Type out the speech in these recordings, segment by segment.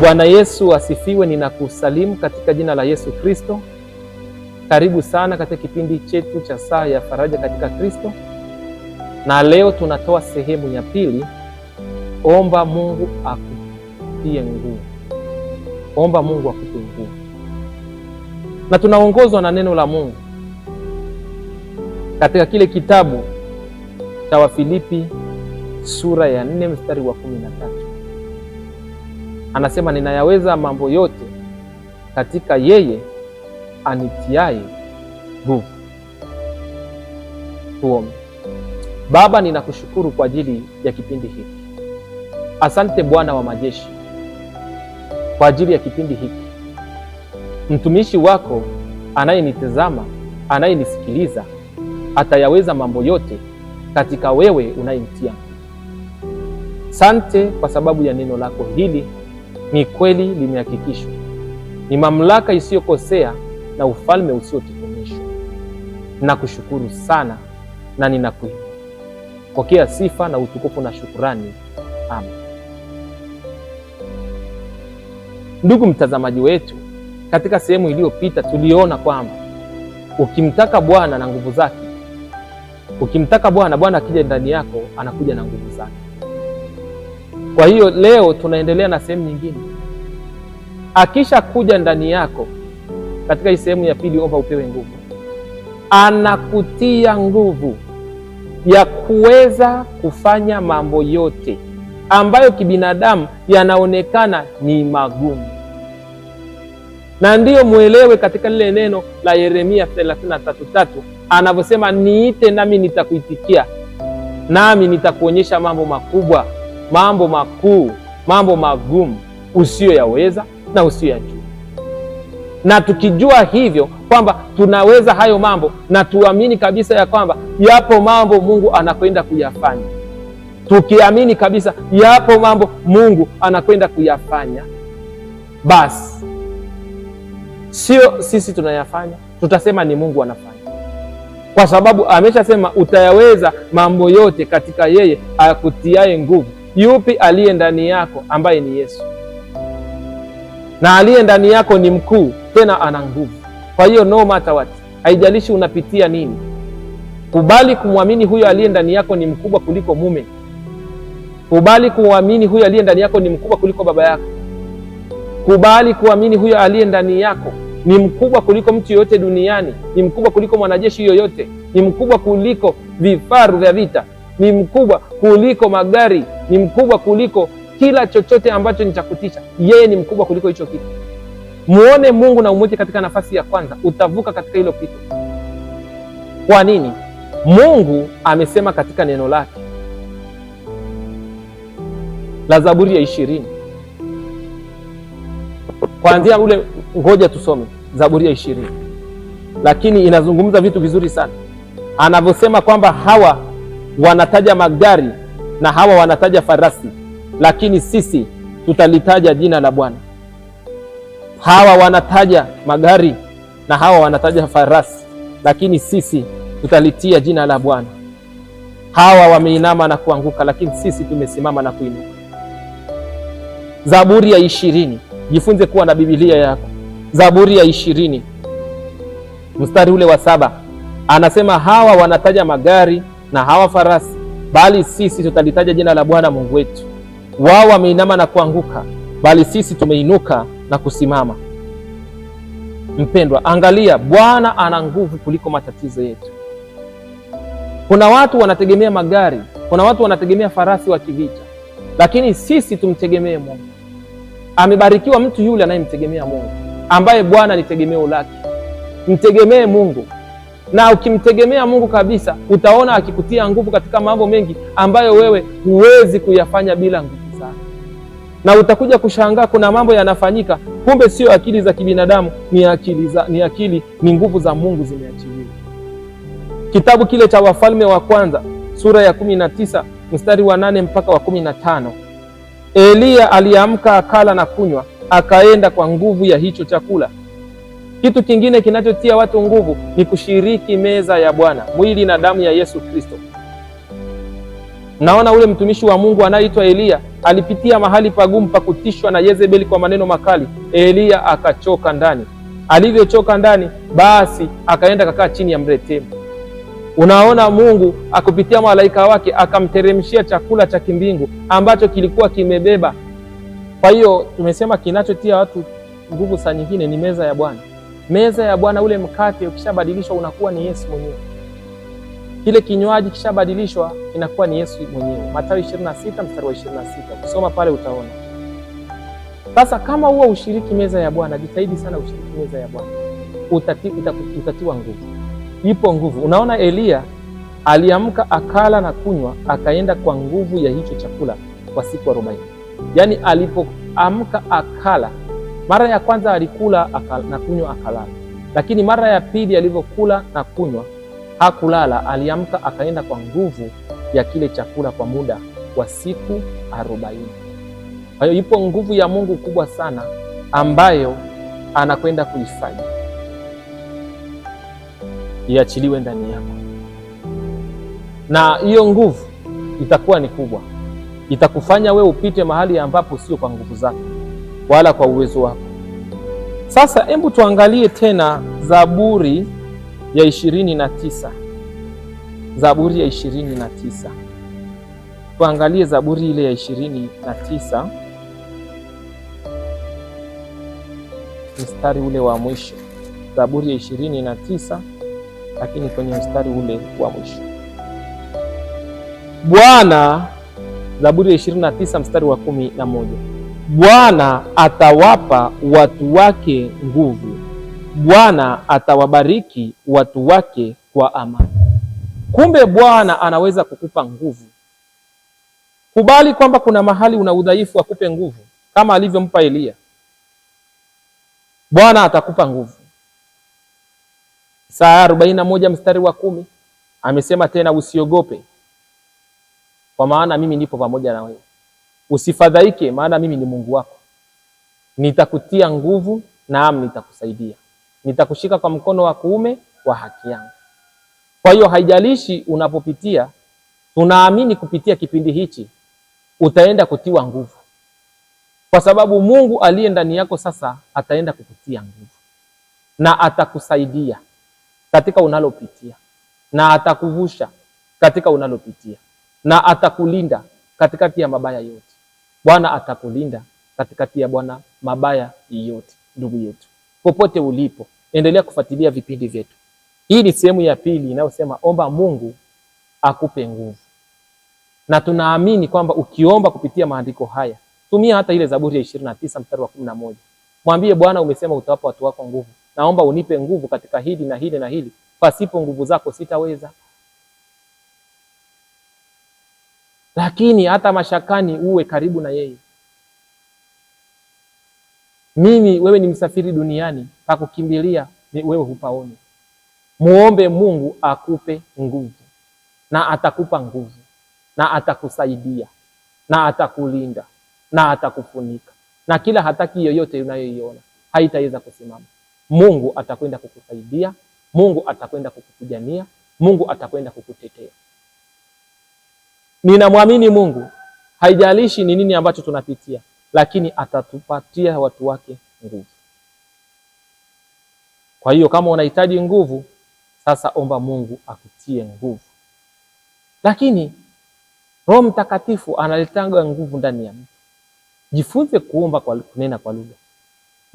Bwana Yesu asifiwe. Ninakusalimu katika jina la Yesu Kristo. Karibu sana katika kipindi chetu cha saa ya faraja katika Kristo, na leo tunatoa sehemu ya pili, omba Mungu akutie nguvu. Omba Mungu akupe nguvu, na tunaongozwa na neno la Mungu katika kile kitabu cha Wafilipi sura ya 4 mstari wa 13 anasema ninayaweza mambo yote katika yeye anitiaye nguvu. Tuombe. Baba, ninakushukuru kwa ajili ya kipindi hiki. Asante Bwana wa majeshi kwa ajili ya kipindi hiki, mtumishi wako anayenitazama, anayenisikiliza atayaweza mambo yote katika wewe unayemtia. Sante kwa sababu ya neno lako hili ni kweli limehakikishwa, ni mamlaka isiyokosea na ufalme usiotegemeshwa. Nakushukuru sana na ninakuinua. Pokea sifa na utukufu na shukurani. Amen. Ndugu mtazamaji wetu, katika sehemu iliyopita tuliona kwamba ukimtaka Bwana na nguvu zake, ukimtaka Bwana, Bwana akija ndani yako anakuja na nguvu zake. Kwa hiyo leo tunaendelea na sehemu nyingine. Akisha kuja ndani yako katika hii sehemu ya pili, omba upewe nguvu. Anakutia nguvu ya kuweza kufanya mambo yote ambayo kibinadamu yanaonekana ni magumu, na ndiyo mwelewe katika lile neno la Yeremia 33:3 anavyosema, niite nami nitakuitikia, nami nitakuonyesha mambo makubwa mambo makuu, mambo magumu usiyoyaweza na usiyoyajua. Na tukijua hivyo kwamba tunaweza hayo mambo na tuamini kabisa ya kwamba yapo mambo Mungu anakwenda kuyafanya, tukiamini kabisa yapo mambo Mungu anakwenda kuyafanya, basi sio sisi tunayafanya, tutasema ni Mungu anafanya kwa sababu ameshasema utayaweza mambo yote katika yeye akutiaye nguvu yupi aliye ndani yako ambaye ni Yesu, na aliye ndani yako ni mkuu, tena ana nguvu. Kwa hiyo no matter what, haijalishi unapitia nini, kubali kumwamini huyo aliye ndani yako ni mkubwa kuliko mume. Kubali kuamini huyo aliye ndani yako ni mkubwa kuliko baba yako. Kubali kuamini huyo aliye ndani yako ni mkubwa kuliko mtu yoyote duniani, ni mkubwa kuliko mwanajeshi yoyote, ni mkubwa kuliko vifaru vya vita ni mkubwa kuliko magari, ni mkubwa kuliko kila chochote ambacho ni cha kutisha. Yeye ni mkubwa kuliko hicho kitu. Muone Mungu na umweke katika nafasi ya kwanza, utavuka katika hilo kitu. Kwa nini? Mungu amesema katika neno lake la Zaburi ya ishirini kuanzia ule, ngoja tusome Zaburi ya ishirini, lakini inazungumza vitu vizuri sana anavyosema kwamba hawa wanataja magari na hawa wanataja farasi, lakini sisi tutalitaja jina la Bwana. Hawa wanataja magari na hawa wanataja farasi, lakini sisi tutalitia jina la Bwana. Hawa wameinama na kuanguka, lakini sisi tumesimama na kuinuka. Zaburi ya ishirini. Jifunze kuwa na Biblia yako. Zaburi ya ishirini mstari ule wa saba anasema hawa wanataja magari na hawa farasi, bali sisi tutalitaja jina la Bwana Mungu wetu. Wao wameinama na kuanguka, bali sisi tumeinuka na kusimama. Mpendwa, angalia, Bwana ana nguvu kuliko matatizo yetu. Kuna watu wanategemea magari, kuna watu wanategemea farasi wa kivita, lakini sisi tumtegemee Mungu. Amebarikiwa mtu yule anayemtegemea Mungu, ambaye Bwana ni tegemeo lake. Mtegemee Mungu na ukimtegemea Mungu kabisa, utaona akikutia nguvu katika mambo mengi ambayo wewe huwezi kuyafanya bila nguvu zake, na utakuja kushangaa kuna mambo yanafanyika, kumbe sio akili za kibinadamu, ni akili za, ni akili ni nguvu za Mungu zimeachiliwa. Kitabu kile cha Wafalme wa Kwanza sura ya kumi na tisa mstari wa nane mpaka wa kumi na tano Eliya aliamka akala na kunywa, akaenda kwa nguvu ya hicho chakula kitu kingine kinachotia watu nguvu ni kushiriki meza ya Bwana, mwili na damu ya Yesu Kristo. Naona ule mtumishi wa Mungu anayeitwa Eliya alipitia mahali pagumu pa kutishwa na Yezebeli kwa maneno makali. Eliya akachoka ndani, alivyochoka ndani, basi akaenda kakaa chini ya mretemu. Unaona, Mungu akupitia malaika wake akamteremshia chakula cha kimbingu ambacho kilikuwa kimebeba. Kwa hiyo tumesema kinachotia watu nguvu saa nyingine ni meza ya Bwana meza ya Bwana, ule mkate ukishabadilishwa unakuwa ni Yesu mwenyewe, kile kinywaji kishabadilishwa inakuwa ni Yesu mwenyewe. Mathayo 26 mstari wa 26, kusoma pale utaona. Sasa kama huwa ushiriki meza ya Bwana, jitahidi sana ushiriki meza ya Bwana, utati, utatiwa nguvu. Ipo nguvu. Unaona Eliya aliamka akala na kunywa, akaenda kwa nguvu ya hicho chakula kwa siku arobaini. Yaani alipoamka akala mara ya kwanza alikula na kunywa akalala, lakini mara ya pili alivyokula na kunywa hakulala, aliamka akaenda kwa nguvu ya kile chakula kwa muda wa siku arobaini. Kwa hiyo ipo nguvu ya Mungu kubwa sana ambayo anakwenda kuifanya iachiliwe ndani yako, na hiyo nguvu itakuwa ni kubwa, itakufanya we upite mahali ambapo sio kwa nguvu zako wala kwa uwezo wako. Sasa hebu tuangalie tena Zaburi ya ishirini na tisa. Zaburi ya ishirini na tisa, tuangalie Zaburi ile ya ishirini na tisa mstari ule wa mwisho. Zaburi ya ishirini na tisa, lakini kwenye mstari ule wa mwisho Bwana, Zaburi ya ishirini na tisa mstari wa kumi na moja. Bwana atawapa watu wake nguvu, Bwana atawabariki watu wake kwa amani. Kumbe Bwana anaweza kukupa nguvu. Kubali kwamba kuna mahali una udhaifu, akupe nguvu kama alivyompa Eliya. Bwana atakupa nguvu. Isaya arobaini na moja mstari wa kumi amesema tena, usiogope kwa maana mimi nipo pamoja na wewe. Usifadhaike, maana mimi ni Mungu wako, nitakutia nguvu, naam, nitakusaidia, nitakushika kwa mkono wa kuume wa haki yangu. Kwa hiyo haijalishi unapopitia, tunaamini kupitia kipindi hichi utaenda kutiwa nguvu, kwa sababu Mungu aliye ndani yako sasa ataenda kukutia nguvu na atakusaidia katika unalopitia na atakuvusha katika unalopitia na atakulinda katikati ya mabaya yote. Bwana atakulinda katikati ya bwana mabaya yote. Ndugu yetu, popote ulipo, endelea kufuatilia vipindi vyetu. Hii ni sehemu ya pili inayosema omba Mungu akupe nguvu, na tunaamini kwamba ukiomba kupitia maandiko haya, tumia hata ile Zaburi ya ishirini na tisa mstari wa kumi na moja mwambie Bwana, umesema utawapa watu wako nguvu, naomba unipe nguvu katika hili na hili na hili, pasipo nguvu zako sitaweza. lakini hata mashakani uwe karibu na yeye. Mimi wewe ni msafiri duniani, pa kukimbilia wewe, hupaoni. Muombe Mungu akupe nguvu, na atakupa nguvu, na atakusaidia, na atakulinda, na atakufunika, na kila hataki yoyote unayoiona haitaweza kusimama. Mungu atakwenda kukusaidia, Mungu atakwenda kukupigania, Mungu atakwenda kukutetea ninamwamini Mungu, haijalishi ni nini ambacho tunapitia, lakini atatupatia watu wake nguvu. Kwa hiyo kama unahitaji nguvu sasa, omba Mungu akutie nguvu. Lakini Roho Mtakatifu analetaga nguvu ndani ya mtu. Jifunze kuomba kwa kunena kwa lugha,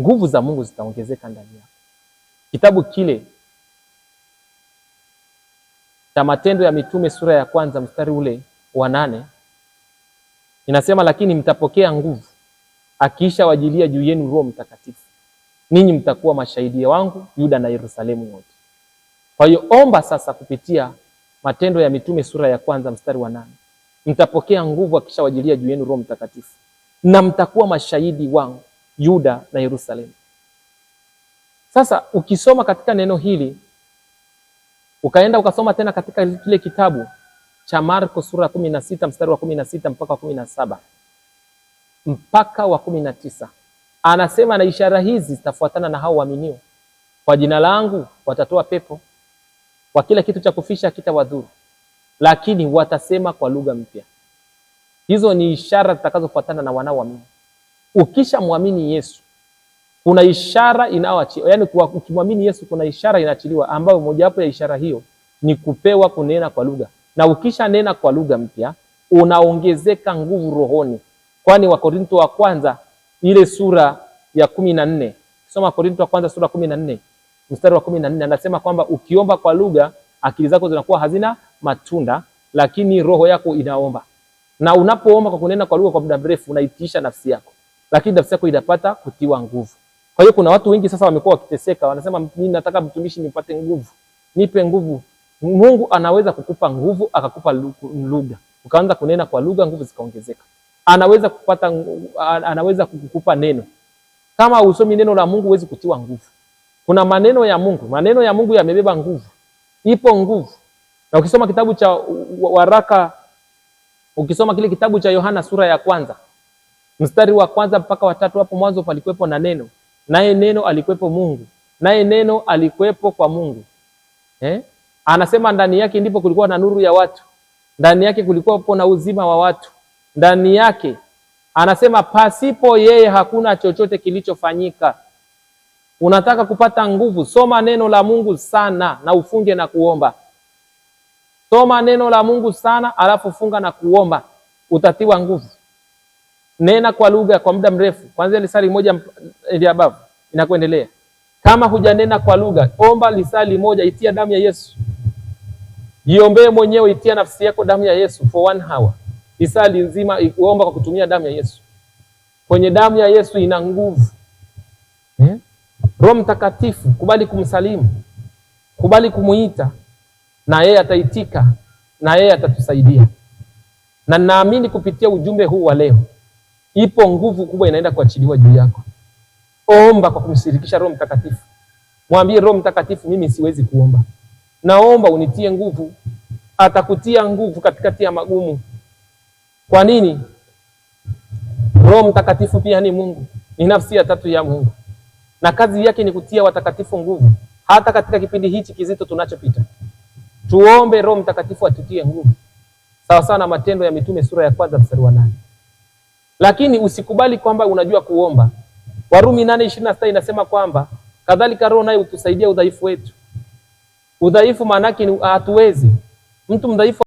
nguvu za Mungu zitaongezeka ndani yako. Kitabu kile cha Matendo ya Mitume sura ya kwanza mstari ule wa nane inasema, lakini mtapokea nguvu akiisha wajilia juu yenu Roho Mtakatifu, ninyi mtakuwa mashahidi wangu Yuda na Yerusalemu yote. Kwa hiyo omba sasa kupitia Matendo ya Mitume sura ya kwanza mstari wa nane mtapokea nguvu akisha wajilia juu yenu Roho Mtakatifu na mtakuwa mashahidi wangu Yuda na Yerusalemu. Sasa ukisoma katika neno hili ukaenda ukasoma tena katika kile kitabu cha Marko sura kumi na sita mstari wa kumi na sita mpaka wa kumi na saba mpaka wa kumi na tisa anasema, na ishara hizi zitafuatana na hao waaminio, kwa jina langu watatoa pepo, kwa kila kitu cha kufisha kitawadhuru, lakini watasema kwa lugha mpya. Hizo ni ishara zitakazofuatana na wanaoamini. Ukishamwamini Yesu kuna ishara inayoachiliwa, yani ukimwamini Yesu kuna ishara inaachiliwa, ambayo mojawapo ya ishara hiyo ni kupewa kunena kwa lugha na ukishanena kwa lugha mpya unaongezeka nguvu rohoni, kwani Wakorinto wa kwanza ile sura ya kumi na nne soma Wakorinto wa kwanza sura kumi na nne mstari wa kumi na nne anasema kwamba ukiomba kwa lugha akili zako zinakuwa hazina matunda, lakini roho yako inaomba. Na unapoomba kwa kunena kwa lugha kwa muda mrefu, unaitisha nafsi yako, lakini nafsi yako inapata kutiwa nguvu. Kwa hiyo kuna watu wengi sasa wamekuwa wakiteseka, wanasema mimi nataka mtumishi nipate nguvu, nipe nguvu Mungu anaweza kukupa nguvu akakupa lugha ukaanza kunena kwa lugha, nguvu zikaongezeka. Anaweza kupata, anaweza kukupa neno. Kama usomi neno la Mungu huwezi kutiwa nguvu. Kuna maneno ya Mungu, maneno ya Mungu yamebeba nguvu, ipo nguvu. Na ukisoma kitabu cha waraka, ukisoma kile kitabu cha Yohana sura ya kwanza mstari wa kwanza mpaka watatu, hapo mwanzo palikuwepo na neno, naye neno alikuwepo Mungu, naye neno alikuwepo kwa Mungu eh? Anasema ndani yake ndipo kulikuwa na nuru ya watu, ndani yake kulikuwa na uzima wa watu, ndani yake anasema pasipo yeye hakuna chochote kilichofanyika. Unataka kupata nguvu, soma neno la Mungu sana na ufunge na kuomba. Soma neno la Mungu sana alafu funga na kuomba, utatiwa nguvu. Nena kwa lugha kwa muda mrefu, kwanzia lisali moja ili abavu inakuendelea. Kama hujanena kwa lugha, omba lisali moja, itia damu ya Yesu. Jiombee mwenyewe, itia nafsi yako damu ya Yesu for one hour, isali nzima uomba kwa kutumia damu ya Yesu. Kwenye damu ya Yesu ina nguvu eh? Roho Mtakatifu, kubali kumsalimu, kubali kumuita, na yeye ataitika, na yeye atatusaidia. Na naamini kupitia ujumbe huu wa leo, ipo nguvu kubwa inaenda kuachiliwa juu yako. Omba kwa kumshirikisha Roho Mtakatifu, mwambie Roho Mtakatifu, mimi siwezi kuomba naomba unitie nguvu. Atakutia nguvu katikati ya magumu. Kwa nini? Roho Mtakatifu pia ni Mungu, ni nafsi ya tatu ya Mungu, na kazi yake ni kutia watakatifu nguvu, hata katika kipindi hichi kizito tunachopita. Tuombe Roho Mtakatifu atutie nguvu, sawa sawa na Matendo ya Mitume sura ya kwanza mstari wa nane. Lakini usikubali kwamba unajua kuomba. Warumi nane ishirini na sita inasema kwamba kadhalika Roho naye utusaidia udhaifu wetu Udhaifu maanake ni hatuwezi mtu mdhaifu